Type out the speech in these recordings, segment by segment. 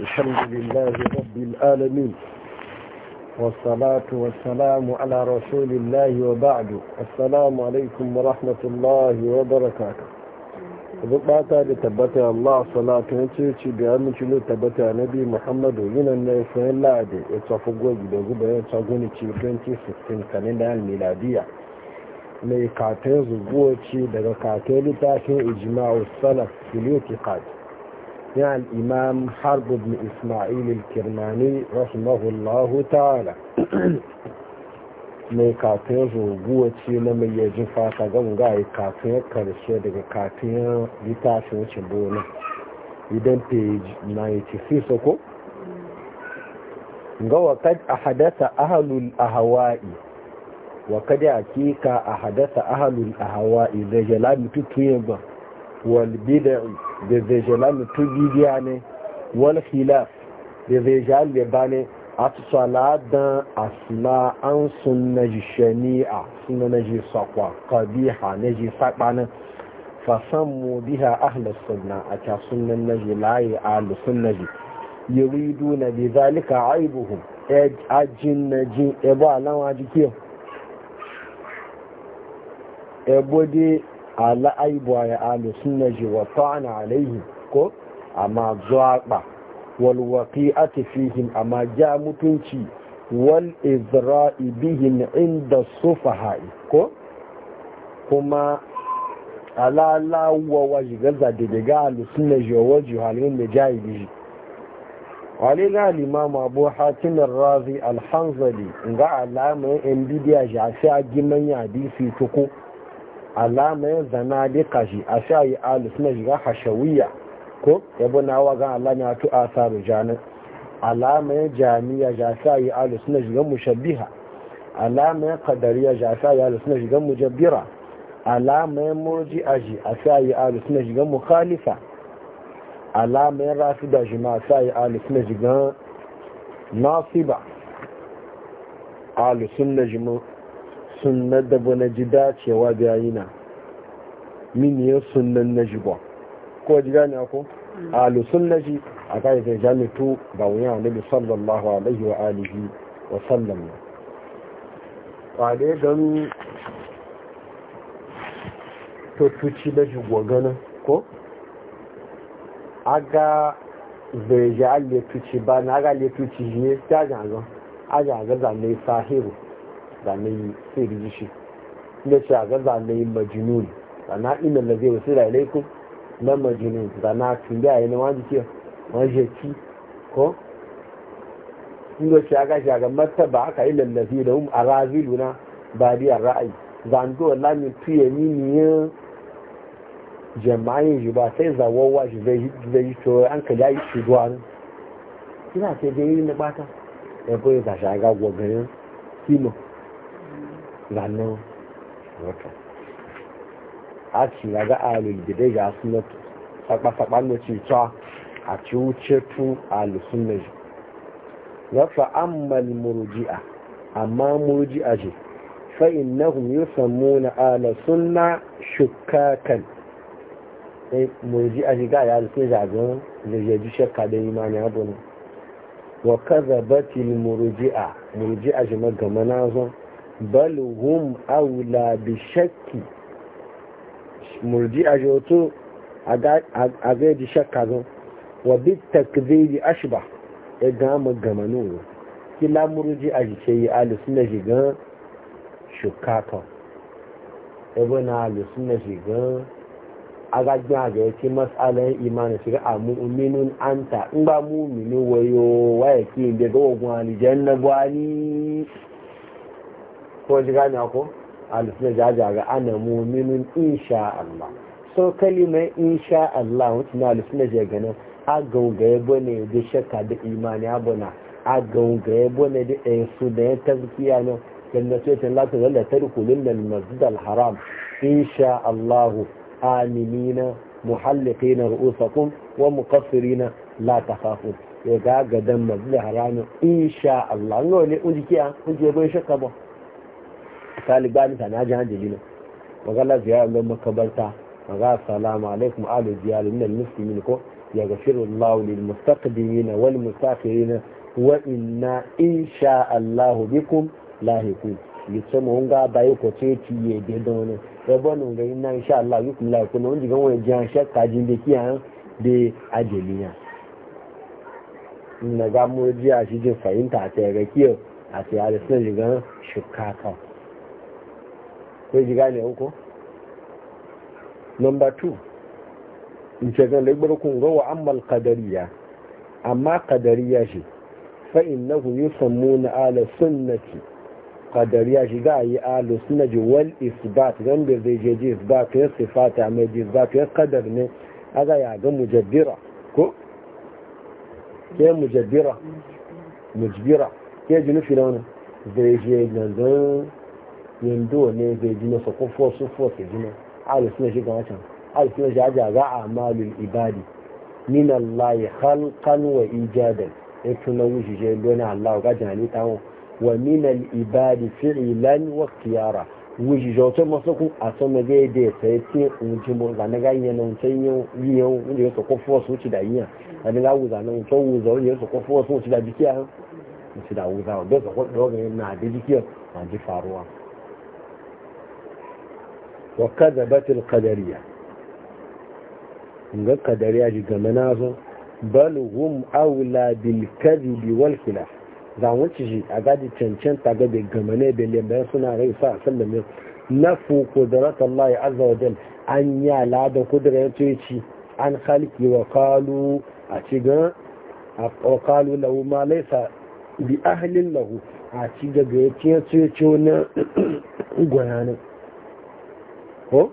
الحمد لله رب العالمين والصلاة والسلام على رسول الله وبعد السلام عليكم ورحمة الله وبركاته bukata da tabbata Allah salatu ya ce ci da aminci ne tabbata nabi Muhammadu yinan na yasayin la'adi ya tafi gogi da guba ya taguni ci 2016 kalendar miladiya mai katon zubuwa ce daga katon littafin ijma'u salaf filiyo يعني الإمام حرب بن إسماعيل الكرماني رحمه الله تعالى mai katin ruguwa ce na mai yaji fata zan ga yi karshe daga kafin littafin wuce bona idan page 96 ko ga wakad a hadasa ahalul ahawa'i wakad a kika a hadasa ahalul ahawa'i da ba wal da zai mutu bidiya ne wani fila da zai jala da ba ne a tsala don asma an sun na ji shani'a sun na ji sakwa kabiha na ji fasan mu biha ahla sunna a ta sunna na ji a sunna ji yuridu na bi zalika aibuhum e, ajin na ji ebo alawa jikiyar ebo de ala aibuwa ya alu suna ji wa ta'ana alaihi ko amma zuwa walwaƙi a a amma ja mutunci wal izra'i bihin inda sufaha'i ko kuma alalawa wajiga zadidega alu suna ji wa waji halin da jayi biji na al'imam abu hatimin razi alhanzali ga alamun yan bidiya shafi a giman yadisi tuku alama ya zana da kashi a sha yi alu suna shiga hashawiya ko yabo na wa gan alama ya tu asaru janin alama ya jami'a ya sha yi alu suna shiga mushabbiha alama ya kadariya ya sha yi alu shiga mujabbira alama ya murji ji a sha yi alu suna shiga mukhalifa alama ya rasu da shi ma sha yi alisunan shiga nasiba alisun suna shiga sunna da na ji dacewa bayina min ya sunan na ji ba ko ji gane ko mm. ahlu sunna ji a kai da jami'u ba wuya bi sallallahu alaihi wa alihi wa sallam wa dai gan to tuci da ji gogana ko aga zai ji alle tuci ba na aga alle tuci ne ta ga ga aga ga zanne sahiru zane sai riji shi inda shi a ga zane majinun zana ina da zai wasu da ilaikun na majinun zana tun da yana wani ke wani ki ko inda shi a ga shi a ga martaba aka ila da da um a razilu na ba da ra'ayi zando lamin tuye miniyan jama'in shi ba sai zawowa shi zai yi to an ka ya yi shi duwa ne kina sai dai yi na bata ya koyi ta shaga gwagwarin kimo ranar wata a ci na ga alul gidai ga sunatu saɓa sakpa da cuta a ci wuce tu alusun na ji wafa ammal murji'a amma murji'a ce fa'in na hun yi samu na alasun na shukakan eh, murji'a ce ga ya alusun zagon zai shakka da imani abu ne wa kazabatil murji'a murji'a ce na zon bal hum aula bi shakki murji'a jotu a ga di shakka zan wa bi takdhibi ashba ya ga mu gamanu kila murji'a jice yi alu sunna shiga shukaka ibn alu sunna shiga agagbin aga ya ce matsalar imanin shiga a mu'minun anta in ba mu'mini wayo waya ki inda ga ogun alijan na gwani ko ji gane ko alisina jaja ga ana muminin insha Allah so kalimar insha Allah wacce na alisina je ganin a ga bane da shakka da imani abuna a ga bane da ɗaya su da ya tazkiya ne janna ce ta lati zalla tarkulun da masjid al-haram insha Allah aminina muhalliqina ru'usakum wa muqassirina na takhafun ya ga gadan masjid al-haram insha Allah ne wani bai shakka ba misali ba ni na ji jirgin magana ziyarar don makabarta magana salama alaikum alu ziyara minal muslimin ko ya gafiru Allah na mustaqdimin wal mustaqirin wa inna insha Allah bikum lahiqun yace nga ga bai ko ce ci ye de don ya bonu ga inna insha Allah bikum lahiqun mun ji gan wani jan shakka jin de kiyan de ajeliya na ga mu ji a shi jin fahimta ta ga kiyo a tsaye da sun shiga shukaka ko ji gane ko number 2 in ce zan laifin kun ga wa ammal kadariya amma kadariya shi fa innahu na ala sunnati kadariya shi a yi ala sunnati wal isbat zan da zai je ji isbat ya sifata mai ji isbat ya kadar ne aga ya ga mujabbira ko ke mujabbira mujabbira ke ji nufi na wani zai je gangan yando ne zai ji masa ko fosu fosu jina ala suna shiga wancan ala suna shiga aja za a malul ibadi min Allah khalqan wa ijadan ya tuna wuce shi yando na Allah ga jani tawo wa min al ibadi fi'lan wa ikhtiyara wuce shi wata masu kun a sama zai da ya sai ce ujimo zane ga yana wancan wanda ya sako fosu wuce da yiya na wancan wuza wanda ya sako fosu wuce da jikiya wuce da sako da jikiya ma wa kadhabatil qadariyya ga kadariya ji ga manazo bal hum aula bil kadhibi wal khilaf za mu ji shi a gadi cancanta ga da gamane da lembayan suna rai sa sallam na fu kudrat Allah azza wa jal an ya la da kudrat ya ci an khalqi wa qalu a ci ga a qalu law ma laysa bi ahli lahu a ci ga ga ya ci ya ci na gwayanin ko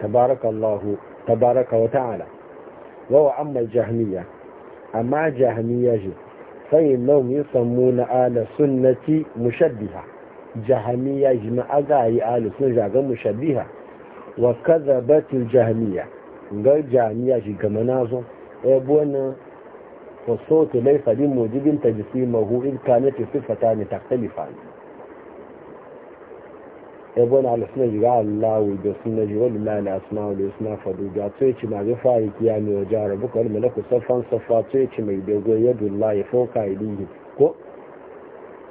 tabarakallahu tabaraka wa ta'ala wa wa amma jahmiya amma jahmiya ji sai nan na ala sunnati mushabbiha jahmiya ji ma aga yi ala sun jaga mushabbiha wa kadhabatil jahmiya ga jahmiya ji ga manazo eh buwana fa sautu laysa ta mujibin tajsimahu in kanat sifatani taktalifani ebon alasuna jiga allahu da suna ji wani na asuna wani suna fadu ga tsoye ci ma zafa a rikiya mai a harabu ka wani malaku saffan saffa mai dogo yadda ya fauka ilihi ko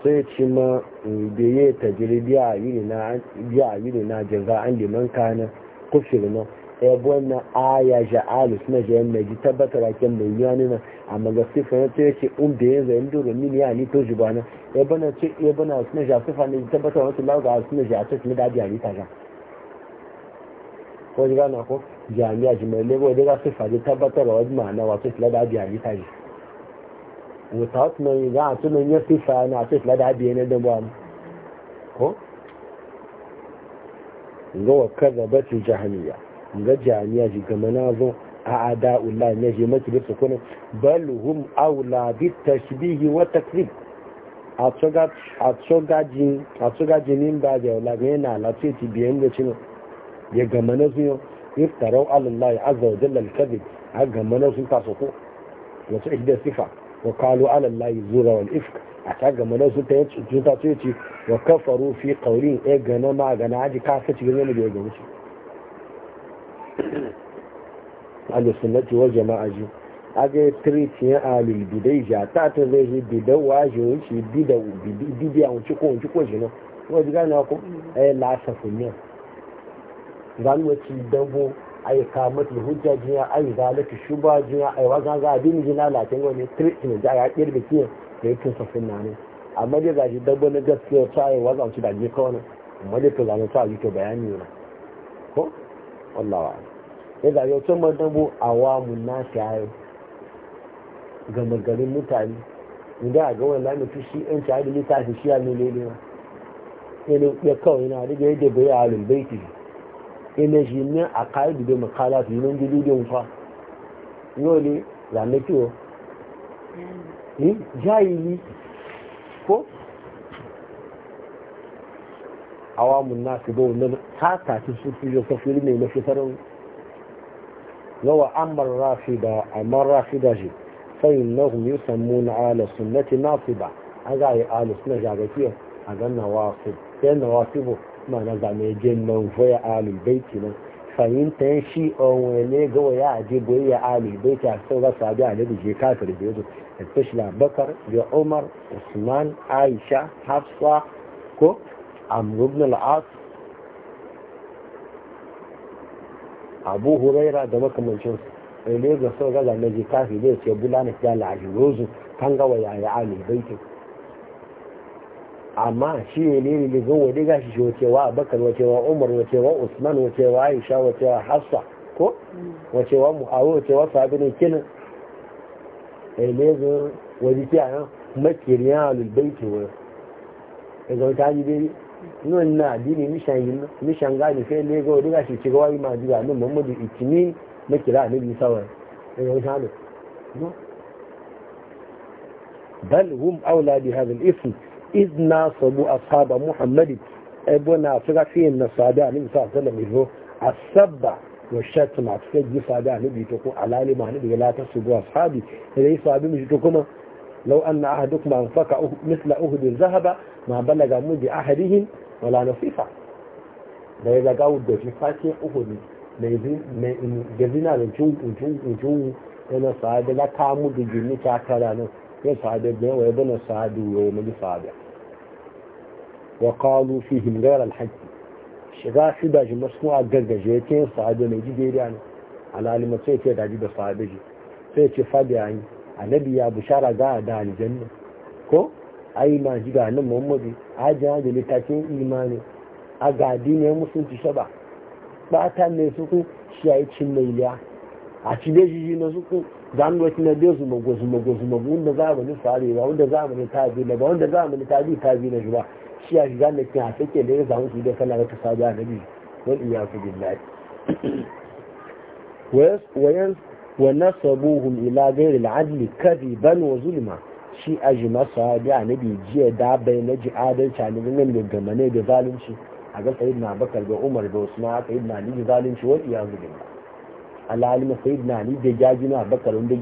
tsoye ci ma da ta tajiri biya a yiri na jaza an liman kana kufir na ya buwanna aya ja'alu suna jayen mai ji tabbatar a kyan mai yiwa na a magasi fana ta yace un da ya zayen doro min ya ni to juba na ya bana ce ya bana suna ja sufa ne ji tabbatar wasu lauga suna ja ta suna daji a ni ta ja ko ji gana ko jami'a ji mai lagos da za su faɗi tabbatar wasu ma'ana wasu suna daji a ni ta ji wata wasu mai za a tunan ya sufa na wasu suna daji a ni da ba ko ga wa kaza batin jahaniya ga jami'a ji ga manazo a ada'ullah ne ji maki bisa kuna bal hum aula bi tashbih wa takrib a tsoga jinin ba da yau la ce ti biyan da cinu ya ga manazo zuyo iftarau allah azza wa jalla alkazib a ga manazo ta taso ko ce ihda sifa wa kalu Allah zura wal ifk a ta ga manazo ta yi ta ce wa kafaru fi qawlin e gana ma gana aji ka ka ci ne da ya gauci alisunnati wal jama'a ji aga tiritiyan alul bidai ja ta ta zai ji bidan waje wuce bidan bidiya wuce ko wuce ko jino ko ji gane ko ai la safunya zan wuce dango ai ka mutu hujja jiya ai zalatu shuba jiya ai wa ga ga din jina la kin wani tiritiyan ja ya kirbe kiyan da yake safunna ne amma dai gashi dabba na gaskiya ta ai wa zan ci da je kawai amma dai to zan ta yi to bayani ne ko wallawa ya zaɓi wata madabo a wamun na shayo ga magarin mutane inda a ga wani lamitu shi yan shayo da littafi shi a nuna ne ne ya kawai da riga yadda bai a baiti ina shi ne a kayi da makala su yi nan gudu da nufa yau ne zanen kiwo mm. eh, jayili ko awamun nasu ga wannan haka su sufi yau kafiri mai mafi farin gawa amar rafida amar da shi sai na hum yi sammu na ala sunnati nasu ba a za a yi ala suna shagakiyar a ga sai na wasu bu ma na zame jin nan foya alul baiti nan fahimtar shi Onwene, gawa ya aje goyi ya alul baiti a sau ga sabi a lebe je kafir da yazo especially abubakar da umar usman aisha hafsa ko عمرو بن العاص abu huraira da makamancinsu ne ga sun gaza na jikafi ne ce bulana ta lahirozu kan gawa yaya a ne baitin amma shi ne ne ne zan wade gashi shi wacewa abakar wacewa umar wacewa usman wacewa aisha wacewa hafsa ko wacewa mu'awu wacewa sabi ne kinin ne zan wadi kiyayen makiriyar alulbaiti wani ya zauta yi daidai nun na dini mishan gani fe lego duka shi ci gawa ma duka nun muhammadu itini na kira ne bi sawar daga eh, wani halu bal hum aula bi hadha al ism id sabu ashab muhammad ibuna fira fi na sada ni sa sala mi ro asaba wa shatma fi ji sada ni bi to ko alali ma ni bi la ta subu ashabi dai sabu mi to kuma لو أن أحدكم أنفق مثل أهد ذهب ما بلغ مد أحدهم ولا نصيفا da ya zaga da shi fashe uku mai gazina da cin yana sa'adu na kamu da jini ta tara nan ya sa'adu da yawa ya bana sa'adu ya yi mali sa'adu wa kalu fi himgar alhaki shiga shi da shi masu a gargaje ya ce sa'adu mai ji daidai ne alhali sai ya da daji da sa'adu ji sai ce fadi a yi annabi ya bishara za a da janna ko ai ma ji ga nan muhammadu ajin da littafin imani a gadi ne musulunci saba ba ta ne su kun shi ya yi cin mai liya a cile shi shi na su kun zangoci na biyu su mago su mago za mago wanda zamani fare ba wanda za zamani ta bi na ba wanda zamani ta bi ta bi na shi ba shi ya shiga na kin a sake da ya samu su da kana ta sabi a nabi wal iyaku billahi wayan wa nasabuhum ila ghairi al-adli kadiban wa zulma shi aji masa da annabi jiya da bai na ji adalci a nan da gamane da zalunci a ga sayyidina bakar da umar da usman a yi ali da zalunci wa iyazu billah alhalima sayyidina ali da jaji na da wanda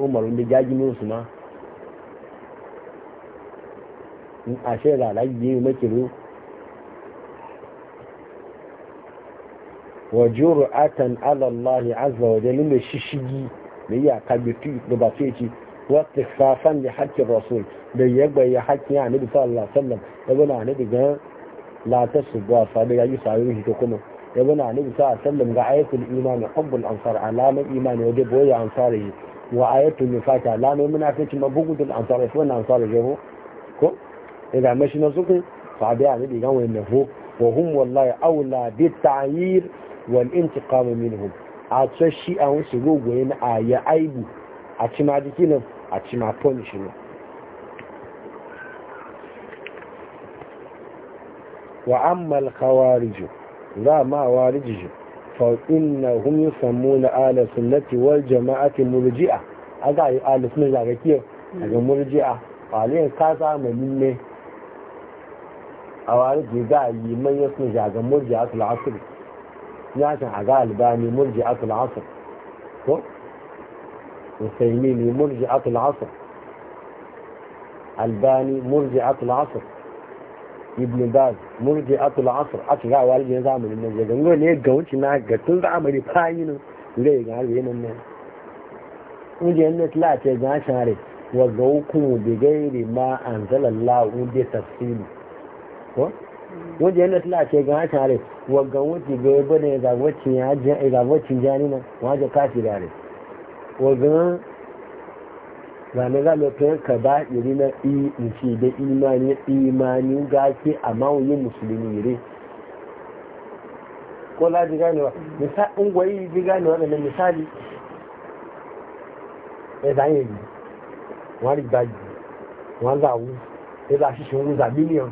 umar da jaji ne usman in ashe da alaji yayi makiro wa juru'atan ala Allah azza wa jalla mai shishigi da ya kabitu da ba sai ci wa istighfafan li hakki rasul da ya bayyana haƙƙin annabi sallallahu alaihi wasallam da bana ne ga la tasbu fa da yayi sayu shi to kuma da bana ne sallallahu alaihi wasallam ga ayatul iman hubbul ansar alama iman wa wajen boye ansari wa ayatul nifaq alama munafiqin mabugudul ansar fa wannan ansar jeho ko idan mashi na suke fa da annabi ga wannan ho wa hum wallahi aula bi ta'yir wal intiqam minhum a ce shi a wasu gogoye a ya aibu a ci ma jikinan a ci ma punishment wa ammal khawariju za ma na fa innahum yusammuna ala sunnati wal jama'ati murji'a a yi ala sunna daga kiyo daga murji'a waliyan ka zamanin ne a za a yi manyan sunna daga murji'a tul asr ya ta haga albani murji atul asir ko musaimini murji atul asir albani murji atul asir ibn baz murji atul asir a ci gawa aljiyar zamanin nan ya gango ne ga wuce na ga tun zamani fayinu zai ga harbe nan nan kungiyar net la ce ga share wa ga hukumu bi gairi ma an zala anzalallahu bi tafsili ko wanda yana tula ce ga haka ne wagga wuce ga yabo da izabocin jani na wajen kafi da ne wagga zane za mu yi ka ba iri na i da imani imani ga a mawuyin musulmi ne ko la ji ganewa misali ungwayi ji ganewa da misali ya zanye wani gbaji wani zawu ya za shi wani zabi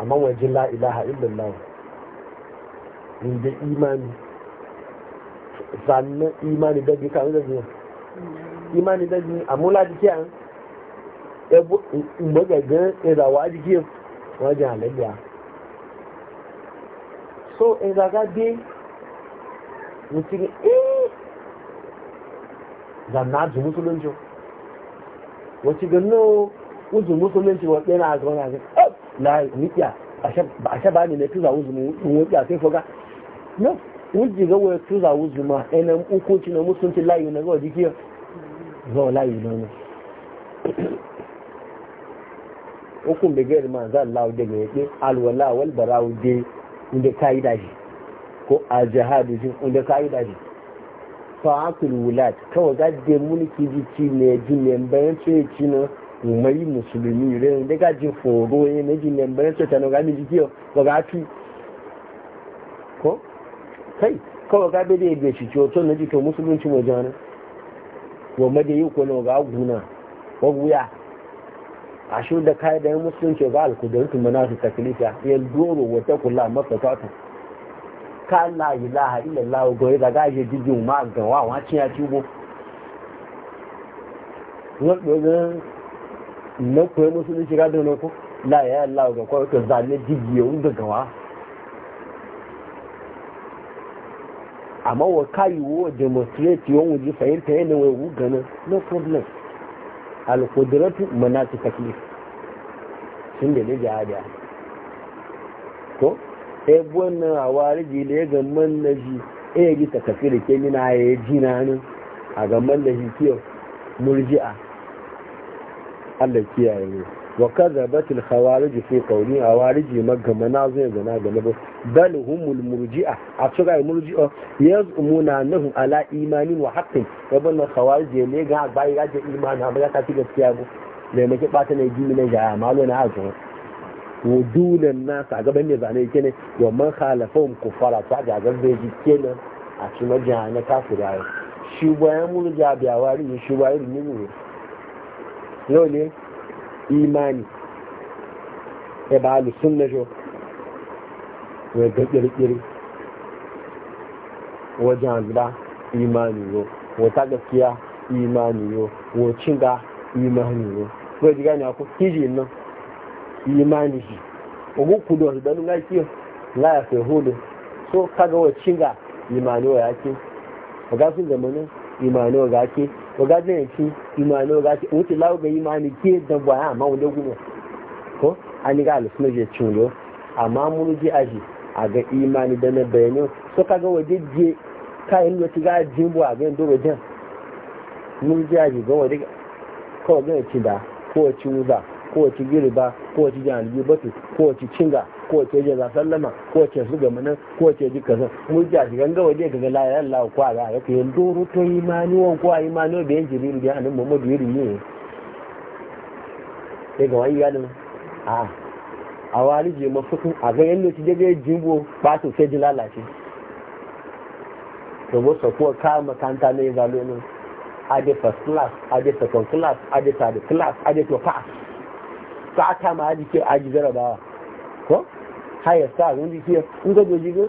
amma waje la illallah in da imani zannan imani da bi kan da imani da bi amma la dike an ebo magaga ida e wa dike halayya so in e zaga mutum eh zanna ji musulunci wacce ganin wujin musulunci wa ɗaya na a zuwa na eh, la nikiya a ṣe ba ni na tuza wuzumu wukiya sai foga no wuji ga wani tuza wuzuma ɗana hukunci na musulunci layu na gawa jikiyar zuwa layu na nan hukun da gari ma za Allah daga yake alwala wal barawu dai inda ka yi daji ko a jihadu shi inda ka yi daji fa akul wulat kawai ga da muni ji ci ne ji ne bayan ce ci na umari musulmi re da ga ji foro ne na ji membarin so tanu ga mi ji kiyo ba ga fi ko kai kawai ga bede be shi ciwo to na ji to musulunci mu jana wa made yi ko no ga guna wa guya a shi da kai da musulunci ga alkudartu mana su taklifa ya doro wata kula masa fata ka la ilaha illallah go ya ga je jiji ma ga wa wa ciya cibo wọ́n pẹ̀lú na koyi musulunci shiga da ko la ya Allah ga ko ka zane jigiye un da gawa amma wa kai wo demonstrate yon wuji ta yana wai wu gana no problem al qudratu manati taklif sun da ne jihadiya ko e wannan awari ji le ga man naji e ji da ke mina ya ji na nan a ga man naji kiyo murji'a Allah kiyaye ne wa kadzabat al khawarij fi qawli awariji magga manazin gana gana ba bal humul murji'a a tsura murji'a yazumuna nahum ala imanin wa haqqin wa bal khawarij ne ga bai ga da imani amma ya kafi gaskiya go ne make bata ne gimi ne ga malo na azu wudulan nasa gaban ne zane kene wa man khalafum kufara ta ga gabe kenan a cikin jahannama kafira shi bayan murji'a biya wari shi bayan murji'a yau ne imani ebe ba sun na jo wadda kirkiri wajen gida imani yo wata gaskiya imani yo wacin ga imani yo ko ji gani ako kiji nan imani shi ogun kudu wasu danu ga kiyo la ya fe hudu so kaga wacin ga imani wa yake ga sun zamanin imani wa ga ke waga zai yanki imani waga ce wuce lawo ga imani ke dan baya ma wanda gudu ko an ga alisunan je cin lo amma mun je aji a ga imani da na bayanin so ka ga waje je kayan lokaci ga jimbo a ga doro jan mun je aji ga waje kawai ga ci da ko ci wuza kowace giriba kowace jihar batu kowace cinga kowace jaza sallama kowace su gama nan kowace ji kasa mun ji a shigan gawa je ga la ya Allah ko ala ya kai doro to imani won ko imani wa bayan jibril da annabi Muhammadu yiri ne sai ga wani yalin a a wani je mafukin a ga yanda ci daga jimbo ba to sai ji lalace to bo sa ko ka makanta ne zalo ne a de first class a de second class a de third class a de to pass saka ma aji ke aji jarabawa ko haya sa abin jiki in ga doji ga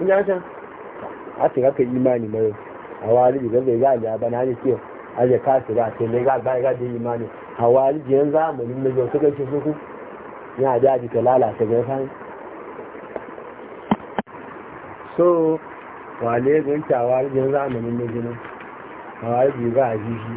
in ya can a ce kaka imani mai a wari jigar zai ga ajiya ba na ne ke ajiya kasu ba ce ne ga ba ga da imani a wari jiyan zamanin na jau suka ce suku ya da aji ka lalata ga sani so wale gunta wari jiyan zamanin na jinin a wari jiga a jiji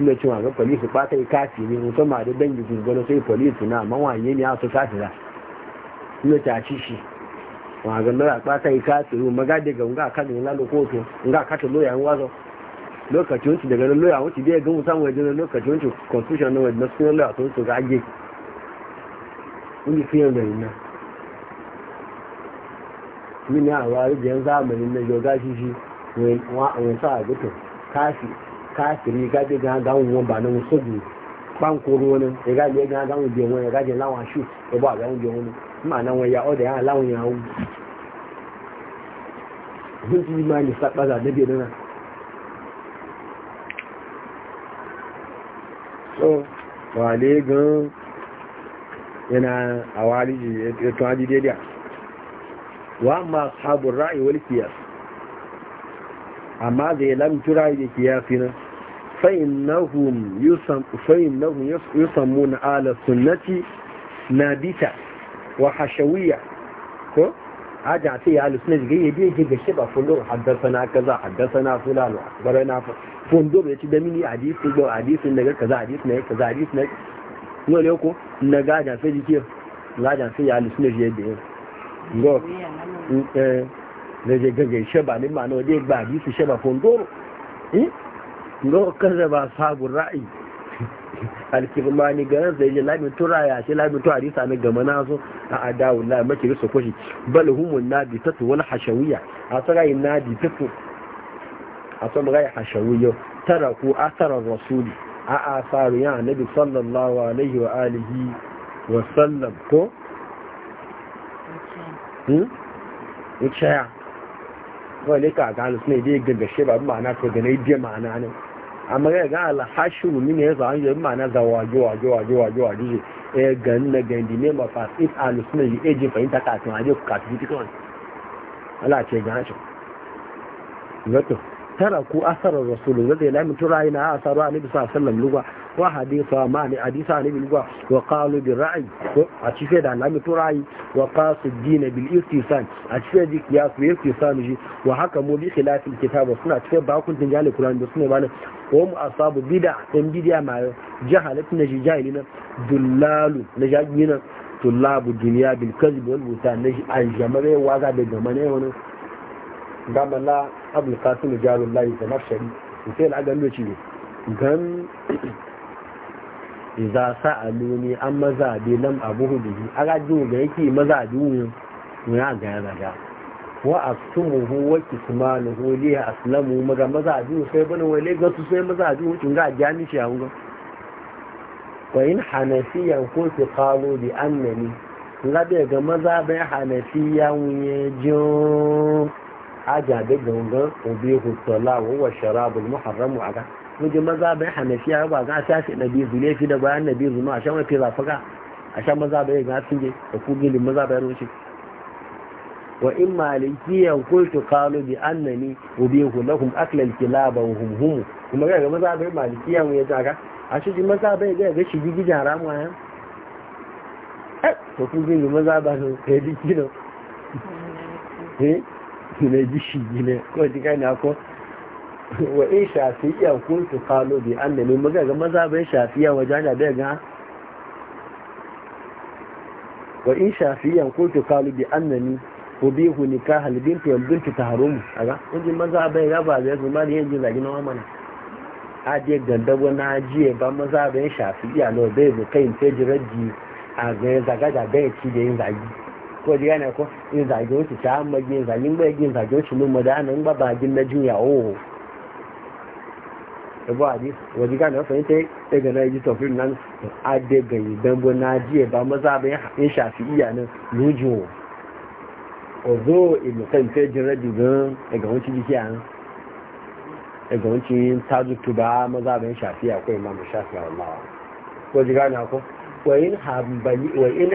inda cewa ga polisi fata kafi ne musamman da dangi sai polisi na mawanye ne a su kafira inda shi wagan lura fata yi kafi ruwa maga daga nga kan yin lalo nga kata loya yin wazo lokacin wuce daga nan loya wuce bai gan samun wajen lokacin wuce constitution na wajen nasu loya sun su gage wani fiye da yin nan mini wari da yan zamanin na yoga shi shi wani sa a gutun kafi kafiri ga bi ga ga won ba nan so bi ban ko ru won e ga le ga ga won bi won e ga je lawan shu e ba ga won bi won ma nan won ya o da ya lawan ya won dun ti ma ni sa ba da bi nan so wa le gan yana awaliji ya tuwaji daidai wa ma sabon ra'ayi wani kiyas amma zai lamtura da kiyasi nan فإنهم يسمون على السنة نابتة وحشوية حاجة عطية على السنة جاية بيه جيجة شبه فندق حدثنا كذا حدثنا فلان وأخبرنا فندق يتي دميني حديث كذا حديث نجا كذا حديث نجا كذا حديث نجا نقول يوكو نجا عجان في جيكير نجا عجان في على السنة جاية بيه نجا نجا جاية شبه لما دي بعديث شبه فندق ngo ba sabu ra'i alkirmani garan zai je labi tura ya ce labi tura risa na gama na so a adawu na maki rusu kushi bal humun nabi tatu wani hashawiyya a tsara nabi tatu a tsara gai hashawiyya tara ku tara rasuli a asaru ya nabi sallallahu alaihi wa alihi wa sallam ko hmm ya ce ya wani ka ga alusu ne dai gaggashe ba ma'ana ko ga na yi biya ma'ana ne amma ga ga alhashuru ne ya an yi ma'ana za waje waje waje waje waje eh gan na gan di ne mafa it alusuna yi eje fahimta kafin aje ku kafin tikon Allah ce ga shi zato tara ku asarar da zai lamin tura na asarar annabi sallallahu alaihi wasallam lugwa wa hadisa ma ni hadisa ne bil gwa wa qalu bil ra'i a cife da na to ra'i wa qasu din bil istisan a ya su ya bil istisan ji wa haka mu bi khilafin kitab suna cife ba kun tin jali qur'an da suna bana ko mu asabu bid'a tan bid'a ma jahalat na jahilina dullalu na jahilina tullabu dunya bil kadhib wal butan na wa ga da gamane wani gamala abul qasim jarullahi da nafshari sai al'adan ne gan iza sa'aluni an mazabi lam abuhu bihi a jin da yake mazabi ne mu ya ga ya zaga wa aftumuhu wa kismanuhu maza aslamu maga mazabi sai bana wale ga su sai bi wucin ga jami shi an ga wa in hanafiyan ko su qalu bi annani nga be ga mazabin hanafiya wuye jo a be ga ga obi hutsala wa sharabul a aga wajen maza bai hanafiya ba ga ta na nabi zule fi da bayan biyu zuma a shan na fi ga a shan maza bai ga sun je da ku gilin maza bayan rushe wa in malikiyan kultu qalu bi annani ubihu lahum akla al-kilaba kuma ga maza bai ya jaga a maza bai ga ga shi gigin ayan eh, maza ba su kai dikino eh, na ko wa in shafi'iyya kun kalo bi an nemi muka maza bai shafi'iyya bai ga wa in shafi'iyya kun kalo bi an nemi ko bi ku ni ka halibin ta yambin ta harum aga maza bai ga ba zai kuma da yin zagi na mana a je ganda na jiye ba maza bai shafi'iyya no bai mu kai ta jiraji a ga zaga da bai ci da yin zagi ko ji yana ko yin zagi wuce ta amma yin zagi yin zagi wuce mun madana in ba oh. ẹgbọ́ àdí wọ̀dígá náà fẹ́yìn tẹ́ ẹgbẹ̀ náà ìjì tọ̀fí nínú adẹ́gbẹ̀yìn ìdánbọ̀ náà díẹ̀ bá mọ́sáàbẹ̀ ń ṣàfi ìyà yin lójú wọn ọ̀dọ́ ìmọ̀kẹ́ ìfẹ́ jẹrẹ́ dì gan ẹgbẹ̀ wọn ti di kí à ń ẹgbẹ̀ wọn ti ń tájú tó bá mọ́sáàbẹ̀ ń ṣàfi àkọ́ ìmọ̀mù ṣàfi àwọ̀láwà wọ̀dígá náà kọ́ wa'in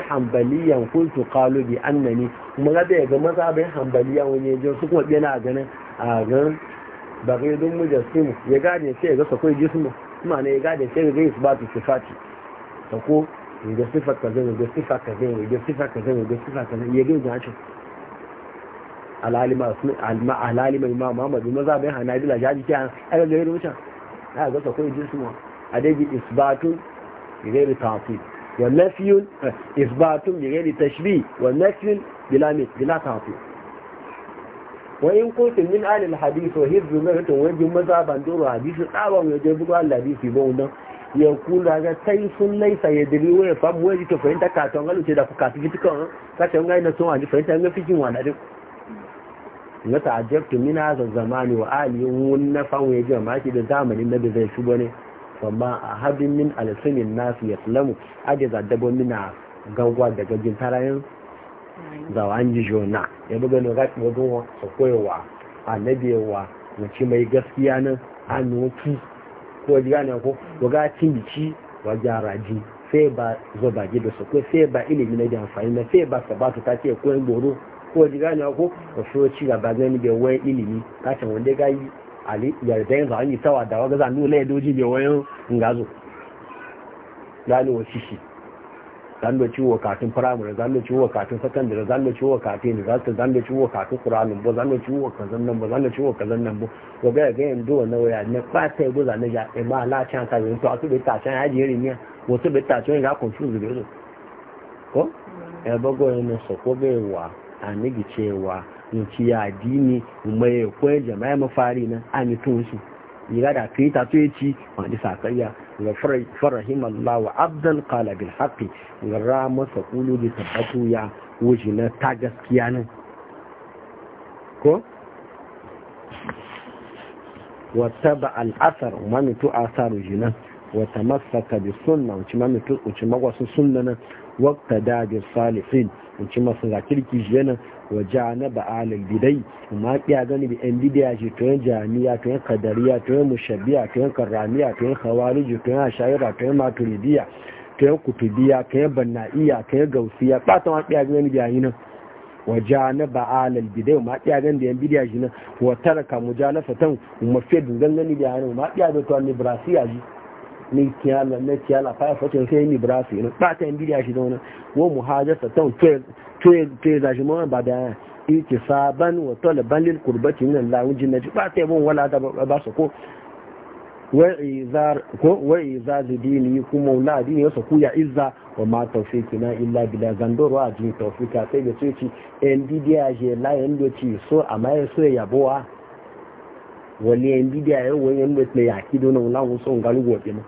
hambaliyan kuntu kalu bi annani kuma ga da ya ga maza bai hambaliya wani ya su kuma ɓena ganin a ganin bagidun mujassim ya gane ce ya ga kai jismu kuma ne ya gane ce ya ga isbatu sifati sako ya ga sifar kaza ya ga sifar kaza ya ga sifar kaza ya ga ka zai ya ga gashi alalima sun alma alalima imam Muhammad bin Zabi Hanabila jaji ke a ga yaro mutan ya ga kai jismu a dai bi isbatun غير تعطيل ونفي إثبات بغير تشبيه ونفي بلا بلا تعطيل wa in kuntum min ahli alhadith wa hizbu magatun wa bi mazaban duru hadith tsawon ya je bugu alhadisi ba wannan ya kula ga sai sun laisa ya diri waya ya famu waje to fahimta ka ton galu ce da ku kafi fitikan ka ce ngai na son waje fahimta ga fikin wa da na ta'ajjabtu min hadha zamani wa ali wun na famu ya je ma shi da zamanin da zai shugo ne amma ahadin min alsunin nasu yaslamu ajaza dabon mina gangwa daga jintarayen Za zawan ji jona ya buga no ga kuma don so koyowa annabiyewa mace mai gaskiya nan anoki ko ji gane ko waga cinci wa ji sai ba zo ba gida so ko sai ba ilimi na da amfani na sai ba sabatu ta ce ko goro ko ji gane ko ko so ci gaba gani da wai ilimi ka ta wanda ga yi ali yarda yanzu an yi tawa da waga zanu lai doji bai wayan ngazo gano wa shi zan da ciwo katin firamare zan da ciwo katin sakandare zan da ciwo katin university zan da ciwo katin kuranin ba zan da ciwo kazan nan ba zan da ciwo kazan nan ba ko ga ga yin duwa na waya ne ba sai go zan ja e ma la chan ka yin to asu be ta chan haji yiri ne wo su be ta chan ga confuse be so ko e ba go yin so ko be wa ani gi cewa ni ci ya dini mai ko jama'a mafari nan ani tun su yi ga da kai ta to yi ci wani sakayya فرحم الله عبدا قال بالحق غرا مسا قولو دي تبتو يا وجنا تاجس كيانا كو وتبع الاثر ومن تو آثار جنا wata masaka bi sunna wuce ma mutu wuce magwasu sunna nan wakta da bi salihin wuce masu ga kirki shi yana waje na ba alal bidai ma kiya gani bi yan bidiya shi to yan jami'a to yan kadariya to yan mushabbiya to yan karramiya to yan khawariji to yan ashaira to yan maturidiya to yan kutubiya to yan banna'iya to yan gausiya ba ta ma kiya gani bi yayi nan jana ba ba'alal bidai ma kiya gani da yan bidiya shi nan wa taraka mujalafatan mafi da gangani da yanar ma kiya da to ne brasiya ji ni kiyala na kiyala fa fa tun sai ni brasu no ba ta bidiya shi da wannan wa muhajasa tan ke ke da shi mun ba da ittisaban wa talaban lil qurbati min Allah wajin naji ba ta mun wala da ba su ko wa izar ko wa izar dini kuma la dini wasu ku ya izza wa ma tawfiki na illa bila zandoro a jin tawfika sai da tuci ci en je la en do ci so amma so yabowa wani yan bidiya yau wani yan mutum ya kido na wula wasu ngalu gobe ma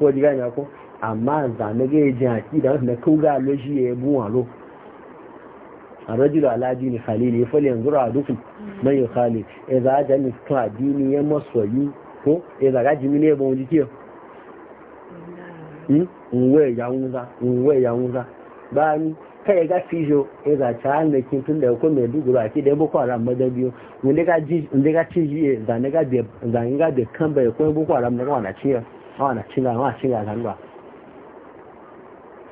ko ji gane ko amma zane ga yi jin haƙi da wasu na kuga loshi ya yi buwa lo a rajulu alaji ne khalili ya fali yanzu a dukkan mm. man yi khali ya za a jami su dini ya maso yi ko ya za a jimi ne ya ban wuji nwe ya wunza nwe ya wunza bayan ka ya ga fijo ya za a ta hannun kin tun da ya kome duguru a ke da ya boko haram madan biyu wanda ga ci ya zane ga da kan bai kuma boko haram na kawana ciyar àwọn ma àwọn àtìlà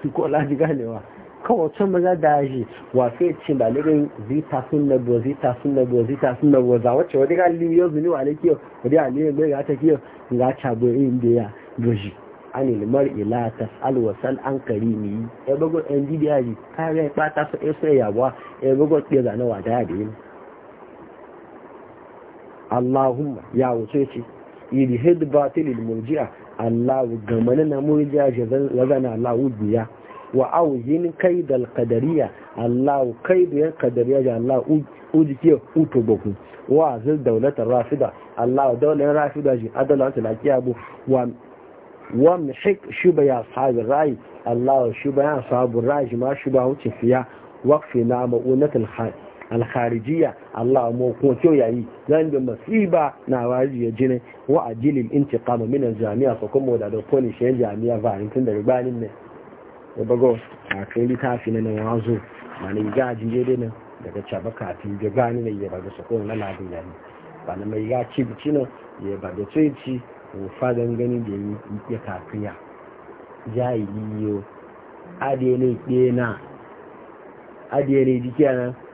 su kola ji ganewa kawai can maza da shi wafe ce ba lirin zita sun na buwa zita sun na buwa zita sun na buwa za wacce wani ga liyo zini wa alikiyo wani a liyo mai ga ta kiyo ga cabo yin da ya doji an ilmar ila ta alwasan an kari ni ya bago yan ya ji kare ya bata su ya sai yabuwa ya bago ya zane wa da ya da yin Allahumma ya wuce ce idhid batilil murji'a Allah gamani na murja shi zana Allah biya wa aujin kai da alkadariya Allah kai da yan kadariya ga Allah ujike uto boku wa zil daulatar rafida Allah daular rafida shi adalar talakiya bu wa mihik shuba ya sahabin rayi Allah shuba ya sahabin rayi ma shuba wuce fiya waqfi na ma'unatul hadi alkharijiya Allah mu ko ce yayi zan ga masiba na waji ya jini wa ajilil intiqam min aljami'a fa kuma da da kone shi jami'a ba in tun daga banin ne da bago a kai litafi na wazo mani ga jinje dai nan daga caba kafin da banin ne ya baga sako na ladin yayi ba na mai ya ci bici nan ya baga ce ci ko fadan gani da yi ya kafiya jayi yo na dena adele dikiya na.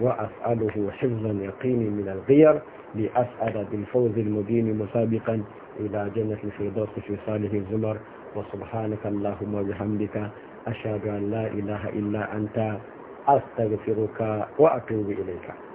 وأسأله حفظا يقيني من الغير لأسأل بالفوز المبين مسابقا إلى جنة الفردوس في صالح الزمر وسبحانك اللهم وبحمدك أشهد أن لا إله إلا أنت أستغفرك وأتوب إليك